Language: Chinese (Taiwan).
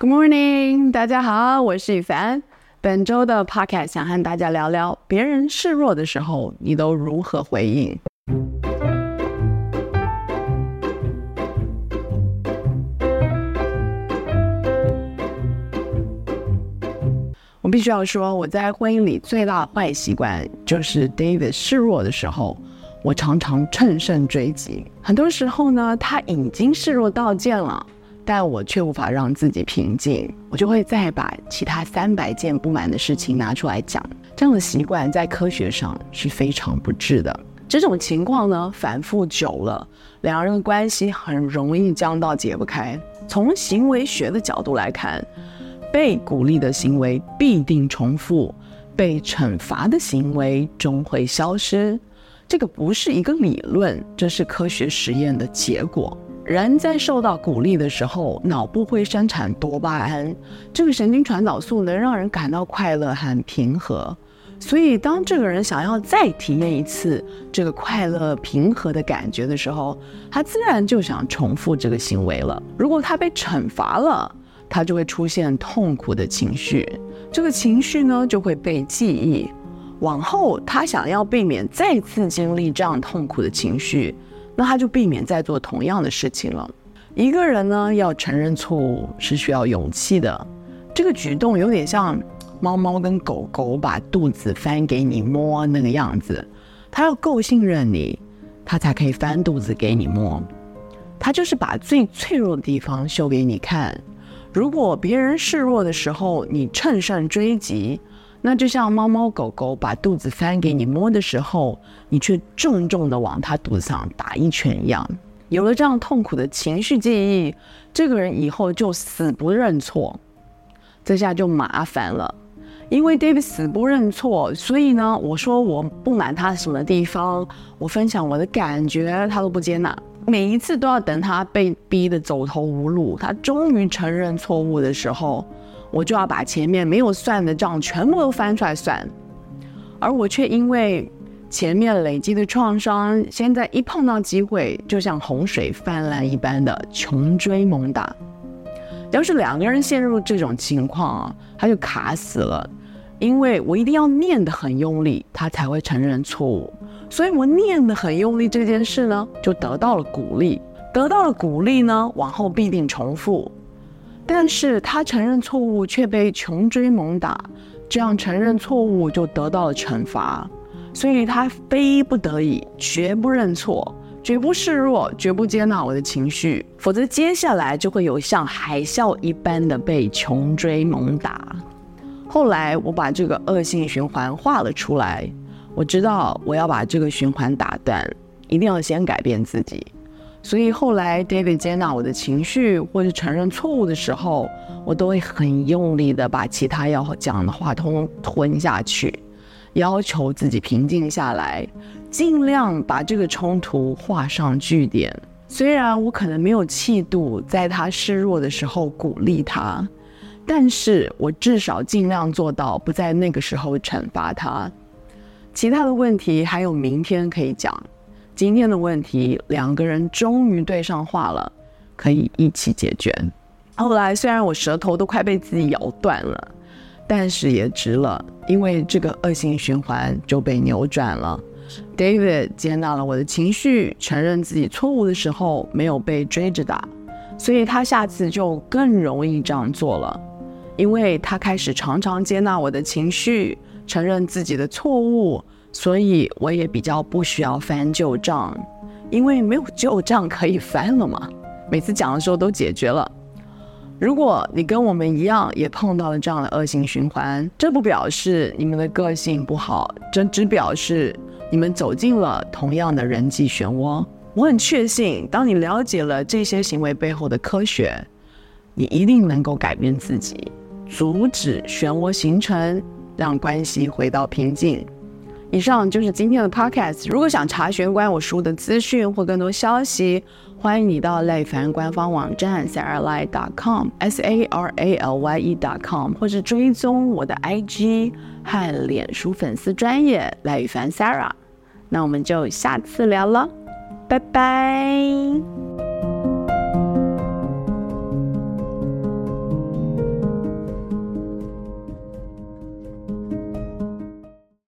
Good morning，大家好，我是宇凡。本週的 podcast 想和大家聊聊，別人示弱的時候，你都如何回應？ 我必須要說，我在婚姻裡最大的壞習慣，就是 David 示弱的時候，我常常乘勝追擊。很多時候呢，他已經示弱道歉了。但我卻無法讓自己平靜，我就會再把其他三百件不滿的事情拿出來講。這樣的習慣在科學上是非常不智的。這種情況呢，反覆久了，兩人的關係很容易僵到解不開。從行為學的角度來看，被鼓勵的行為必定重複，被懲罰的行為終會消失。這個不是一個理論，這是科學實驗的結果。人在受到鼓勵的時候，腦部會生產多巴胺，這個神經傳導素能讓人感到快樂和平和。所以，當這個人想要再體驗一次這個快樂、平和的感覺的時候，他自然就想重複這個行為了。如果他被懲罰了，他就會出現痛苦的情緒，這個情緒呢，就會被記憶。往後，他想要避免再次經歷這樣痛苦的情緒。那他就避免再做同樣的事情了。一個人呢，要承認錯誤是需要勇氣的。這個舉動有點像貓貓跟狗狗把肚子翻給你摸那個樣子，他要夠信任你，他才可以翻肚子給你摸。他就是把最脆弱的地方秀給你看。如果別人示弱的時候，你乘勝追擊，那就像貓貓狗狗把肚子翻給你摸的時候，你卻重重的往它肚子上打一拳一樣。有了這樣痛苦的情緒記憶，這個人以後就死不認錯，這下就麻煩了。因為 David 死不認錯，所以呢，我說我不滿他什麼地方，我分享我的感覺，他都不接納。每一次都要等他被逼得走投無路，他終於承認錯誤的時候。我就要把前面沒有算的賬全部都翻出來算，而我卻因為前面累積的創傷，現在一碰到機會，就像洪水氾濫一般的窮追猛打。要是兩個人陷入這種情況啊，他就卡死了，因為我一定要念得很用力，他才會承認錯誤。所以我念得很用力這件事呢，就得到了鼓勵，得到了鼓勵呢，往後必定重複。但是他承認錯誤卻被窮追猛打，這樣承認錯誤就得到了懲罰，所以他非不得已絕不認錯，絕不示弱，絕不接納我的情緒，否則接下來就會有像海嘯一般的被窮追猛打。後來我把這個惡性循環畫了出來，我知道我要把這個循環打斷，一定要先改變自己。所以後來，David 接納我的情緒或者承認錯誤的時候，我都會很用力地把其他要講的話通通吞下去，要求自己平靜下來，盡量把這個衝突畫上句點。雖然我可能沒有氣度在他示弱的時候鼓勵他，但是我至少盡量做到不在那個時候懲罰他。其他的問題還有明天可以講。今天的問題，兩個人終於對上話了，可以一起解決。後來雖然我舌頭都快被自己咬斷了，但是也值了，因為這個惡性循環就被扭轉了。David 接納了我的情緒，承認自己錯誤的時候，沒有被追着打，所以他下次就更容易這樣做了，因為他開始常常接納我的情緒，承認自己的錯誤。所以我也比較不需要翻舊賬，因為沒有舊賬可以翻了嘛。每次講的時候都解決了。如果你跟我們一樣也碰到了這樣的惡性循環，這不表示你們的個性不好，這只表示你們走進了同樣的人際漩渦。我很確信，當你了解了這些行為背後的科學，你一定能夠改變自己，阻止漩渦形成，讓關係回到平靜。以上就是今天的 podcast。如果想查詢關於我書的資訊或更多消息，歡迎你到賴宇凡官方網站 saralye.com s, com, s a r a l y e dot com，或者追蹤我的 IG 和臉書粉絲專頁賴宇凡 Sara。那我們就下次聊了，拜拜。